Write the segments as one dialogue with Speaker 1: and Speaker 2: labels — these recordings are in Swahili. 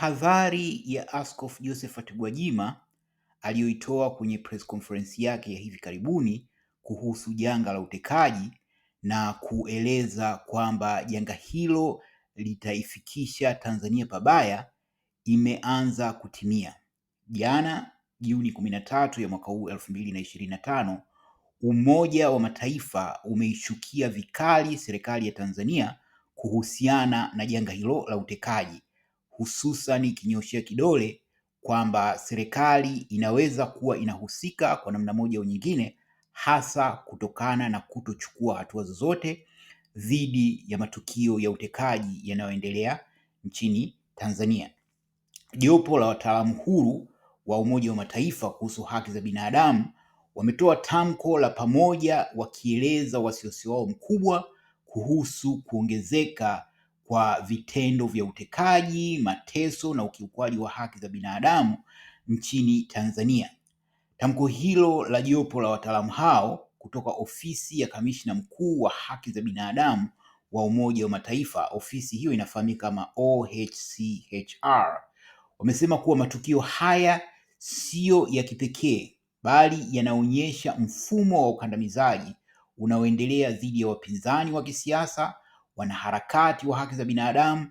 Speaker 1: Tahadhari ya Askofu Josephat Gwajima aliyoitoa kwenye press conference yake ya hivi karibuni kuhusu janga la utekaji na kueleza kwamba janga hilo litaifikisha Tanzania pabaya imeanza kutimia. Jana Juni kumi na tatu ya mwaka huu elfu mbili na ishirini na tano Umoja wa Mataifa umeishukia vikali serikali ya Tanzania kuhusiana na janga hilo la utekaji hususan ikinyoshea kidole kwamba serikali inaweza kuwa inahusika kwa namna moja au nyingine, hasa kutokana na kutochukua hatua zozote dhidi ya matukio ya utekaji yanayoendelea nchini Tanzania. Jopo la wataalamu huru wa Umoja wa Mataifa kuhusu haki za binadamu wametoa tamko la pamoja wakieleza wasiwasi wao mkubwa kuhusu kuongezeka kwa vitendo vya utekaji, mateso na ukiukwaji wa haki za binadamu nchini Tanzania. Tamko hilo la jopo la wataalamu hao kutoka ofisi ya kamishna mkuu wa haki za binadamu wa Umoja wa Mataifa, ofisi hiyo inafahamika kama OHCHR, wamesema kuwa matukio haya siyo ya kipekee, bali yanaonyesha mfumo wa ukandamizaji unaoendelea dhidi ya wapinzani wa kisiasa, wanaharakati wa haki za binadamu,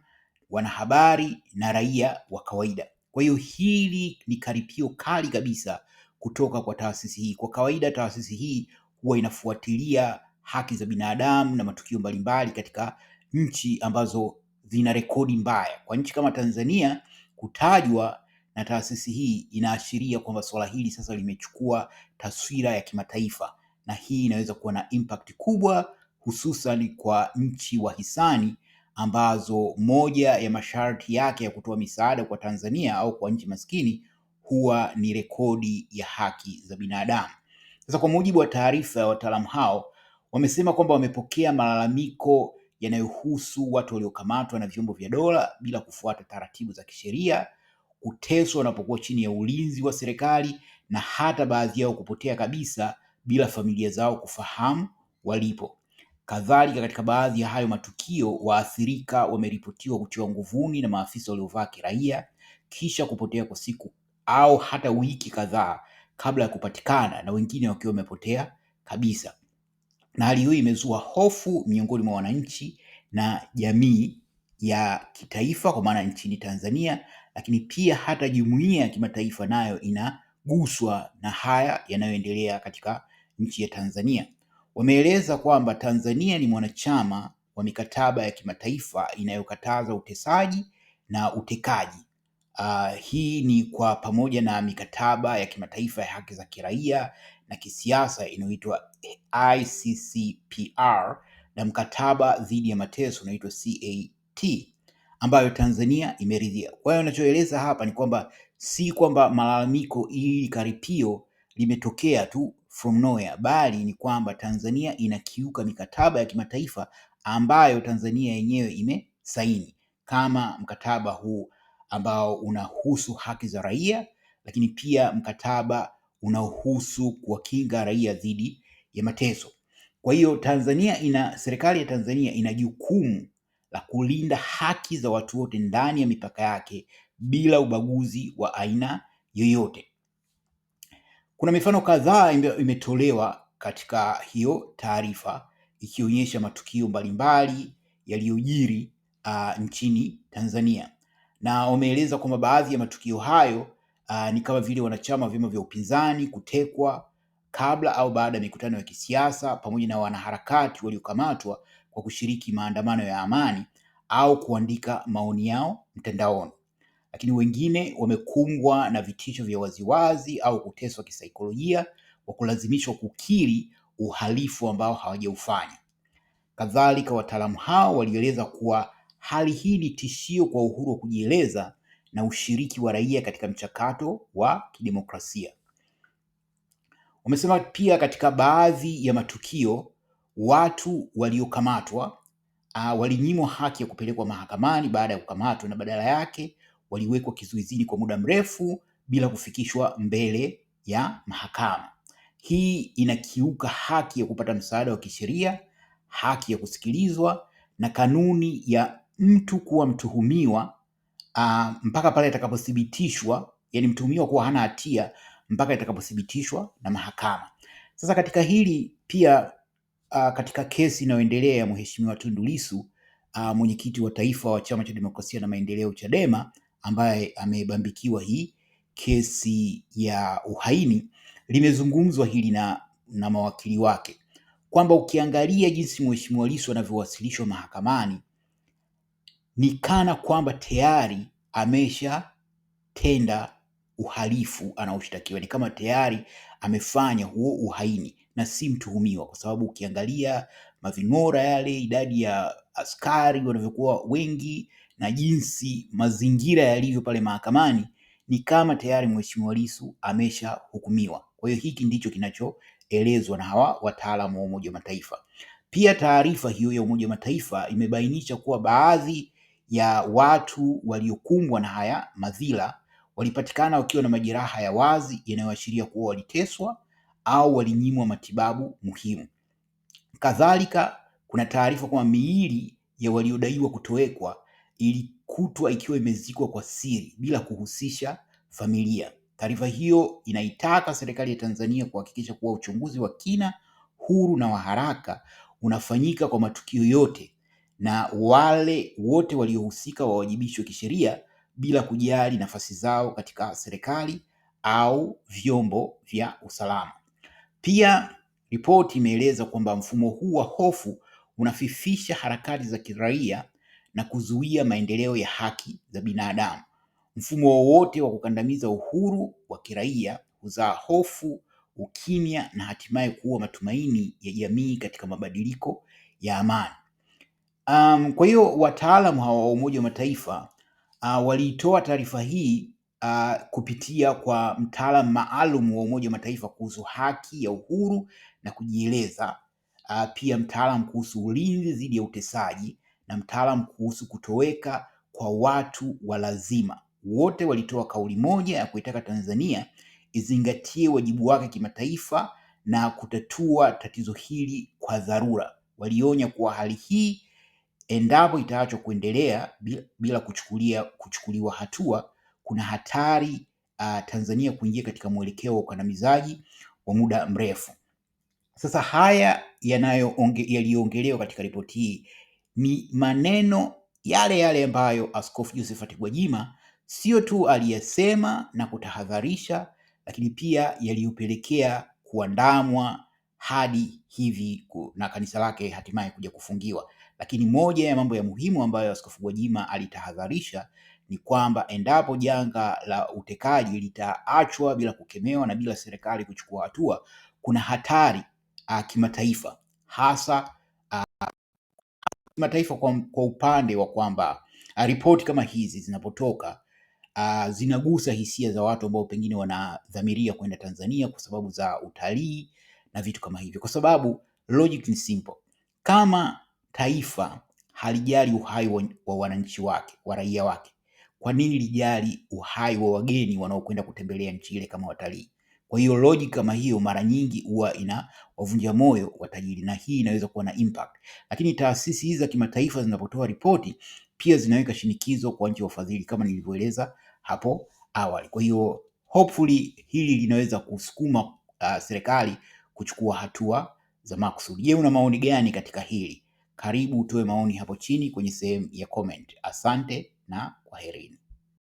Speaker 1: wanahabari na raia wa kawaida. Kwa hiyo hili ni karipio kali kabisa kutoka kwa taasisi hii. Kwa kawaida taasisi hii huwa inafuatilia haki za binadamu na matukio mbalimbali katika nchi ambazo zina rekodi mbaya. Kwa nchi kama Tanzania kutajwa na taasisi hii inaashiria kwamba suala hili sasa limechukua taswira ya kimataifa, na hii inaweza kuwa na impact kubwa hususan kwa nchi wahisani ambazo moja ya masharti yake ya kutoa misaada kwa Tanzania au kwa nchi maskini huwa ni rekodi ya haki za binadamu. Sasa, kwa mujibu wa taarifa ya wataalamu hao, wamesema kwamba wamepokea malalamiko yanayohusu watu waliokamatwa na vyombo vya dola bila kufuata taratibu za kisheria, kuteswa wanapokuwa chini ya ulinzi wa serikali, na hata baadhi yao kupotea kabisa bila familia zao kufahamu walipo. Kadhalika, katika baadhi ya hayo matukio waathirika wameripotiwa kutiwa nguvuni na maafisa waliovaa kiraia kisha kupotea kwa siku au hata wiki kadhaa kabla ya kupatikana na wengine wakiwa wamepotea kabisa. Na hali hiyo imezua hofu miongoni mwa wananchi na jamii ya kitaifa kwa maana nchini Tanzania, lakini pia hata jumuiya ya kimataifa nayo inaguswa na haya yanayoendelea katika nchi ya Tanzania wameeleza kwamba Tanzania ni mwanachama wa mikataba ya kimataifa inayokataza utesaji na utekaji. Uh, hii ni kwa pamoja na mikataba ya kimataifa ya haki za kiraia na kisiasa inayoitwa ICCPR na mkataba dhidi ya mateso unaoitwa CAT ambayo Tanzania imeridhia. Kwa hiyo anachoeleza hapa ni kwamba si kwamba malalamiko ili karipio limetokea tu from nowhere, bali ni kwamba Tanzania inakiuka mikataba ya kimataifa ambayo Tanzania yenyewe imesaini, kama mkataba huu ambao unahusu haki za raia, lakini pia mkataba unaohusu kuwakinga raia dhidi ya mateso. Kwa hiyo Tanzania ina serikali ya Tanzania ina jukumu la kulinda haki za watu wote ndani ya mipaka yake bila ubaguzi wa aina yoyote. Kuna mifano kadhaa imetolewa katika hiyo taarifa ikionyesha matukio mbalimbali yaliyojiri uh, nchini Tanzania na wameeleza kwamba baadhi ya matukio hayo uh, ni kama vile wanachama wa vyama vya upinzani kutekwa kabla au baada ya mikutano ya kisiasa pamoja na wanaharakati waliokamatwa kwa kushiriki maandamano ya amani au kuandika maoni yao mtandaoni lakini wengine wamekumbwa na vitisho vya waziwazi au kuteswa kisaikolojia wa kulazimishwa kukiri uhalifu ambao hawajaufanya. Kadhalika, wataalamu hao walieleza kuwa hali hii ni tishio kwa uhuru wa kujieleza na ushiriki wa raia katika mchakato wa kidemokrasia. Wamesema pia katika baadhi ya matukio watu waliokamatwa uh, walinyimwa haki ya kupelekwa mahakamani baada ya kukamatwa na badala yake waliwekwa kizuizini kwa muda mrefu bila kufikishwa mbele ya mahakama. Hii inakiuka haki ya kupata msaada wa kisheria, haki ya kusikilizwa na kanuni ya mtu kuwa mtuhumiwa uh, mpaka pale atakapothibitishwa, yani mtuhumiwa kuwa hana hatia mpaka itakapothibitishwa na mahakama. Sasa katika hili pia uh, katika kesi inayoendelea ya Mheshimiwa Tundu Lissu uh, mwenyekiti wa taifa wa Chama cha Demokrasia na Maendeleo Chadema ambaye amebambikiwa hii kesi ya uhaini, limezungumzwa hili na, na mawakili wake kwamba ukiangalia jinsi Mheshimiwa Lissu anavyowasilishwa mahakamani ni kana kwamba tayari ameshatenda uhalifu anaoshtakiwa, ni kama tayari amefanya huo uhaini na si mtuhumiwa, kwa sababu ukiangalia maving'ora yale, idadi ya askari wanavyokuwa wengi na jinsi mazingira yalivyo pale mahakamani, ni kama tayari Mheshimiwa Lissu ameshahukumiwa. Kwa hiyo hiki ndicho kinachoelezwa na hawa wataalamu wa Umoja wa Mataifa. Pia taarifa hiyo ya Umoja wa Mataifa imebainisha kuwa baadhi ya watu waliokumbwa na haya madhila walipatikana wakiwa na majeraha ya wazi yanayoashiria kuwa waliteswa au walinyimwa matibabu muhimu. Kadhalika, kuna taarifa kwamba miili ya waliodaiwa kutowekwa ilikutwa ikiwa imezikwa kwa siri bila kuhusisha familia. Taarifa hiyo inaitaka serikali ya Tanzania kuhakikisha kuwa uchunguzi wa kina, huru na wa haraka unafanyika kwa matukio yote na wale wote waliohusika wawajibishwe kisheria bila kujali nafasi zao katika serikali au vyombo vya usalama. Pia ripoti imeeleza kwamba mfumo huu wa hofu unafifisha harakati za kiraia na kuzuia maendeleo ya haki za binadamu. Mfumo wowote wa kukandamiza uhuru wa kiraia huzaa hofu, ukimya na hatimaye kuwa matumaini ya jamii katika mabadiliko ya amani. Um, kwa hiyo wataalamu hawa wa Umoja wa Mataifa uh, waliitoa taarifa hii uh, kupitia kwa mtaalamu maalum wa Umoja wa Mataifa kuhusu haki ya uhuru na kujieleza, uh, pia mtaalamu kuhusu ulinzi dhidi ya utesaji na mtaalamu kuhusu kutoweka kwa watu wa lazima Wote walitoa kauli moja ya kuitaka Tanzania izingatie wajibu wake kimataifa na kutatua tatizo hili kwa dharura. Walionya kuwa hali hii endapo itaachwa kuendelea bila kuchukulia, kuchukuliwa hatua kuna hatari uh, Tanzania kuingia katika mwelekeo wa ukandamizaji wa muda mrefu. Sasa haya yaliyoongelewa katika ripoti hii ni maneno yale yale ambayo Askofu Josephat Gwajima sio tu aliyesema na kutahadharisha, lakini pia yaliyopelekea kuandamwa hadi hivi na kanisa lake hatimaye kuja kufungiwa. Lakini moja ya mambo ya muhimu ambayo Askofu Gwajima alitahadharisha ni kwamba endapo janga la utekaji litaachwa bila kukemewa na bila serikali kuchukua hatua, kuna hatari ah, kimataifa hasa kimataifa kwa, kwa upande wa kwamba ah, ripoti kama hizi zinapotoka uh, zinagusa hisia za watu ambao pengine wanadhamiria kwenda Tanzania kwa sababu za utalii na vitu kama hivyo, kwa sababu logic ni simple. Kama taifa halijali uhai wa, wa wananchi wake wa raia wake, kwa nini lijali uhai wa wageni wanaokwenda kutembelea nchi ile kama watalii? Kwa hiyo loji kama hiyo mara nyingi huwa ina wavunja moyo watajiri, na hii inaweza kuwa na impact. Lakini taasisi hizi za kimataifa zinapotoa ripoti pia zinaweka shinikizo kwa nchi wafadhili kama nilivyoeleza hapo awali. Kwa hiyo hopefully hili linaweza kusukuma uh, serikali kuchukua hatua za makusudi. Je, una maoni gani katika hili? Karibu utoe maoni hapo chini kwenye sehemu ya comment. Asante na kwaherini.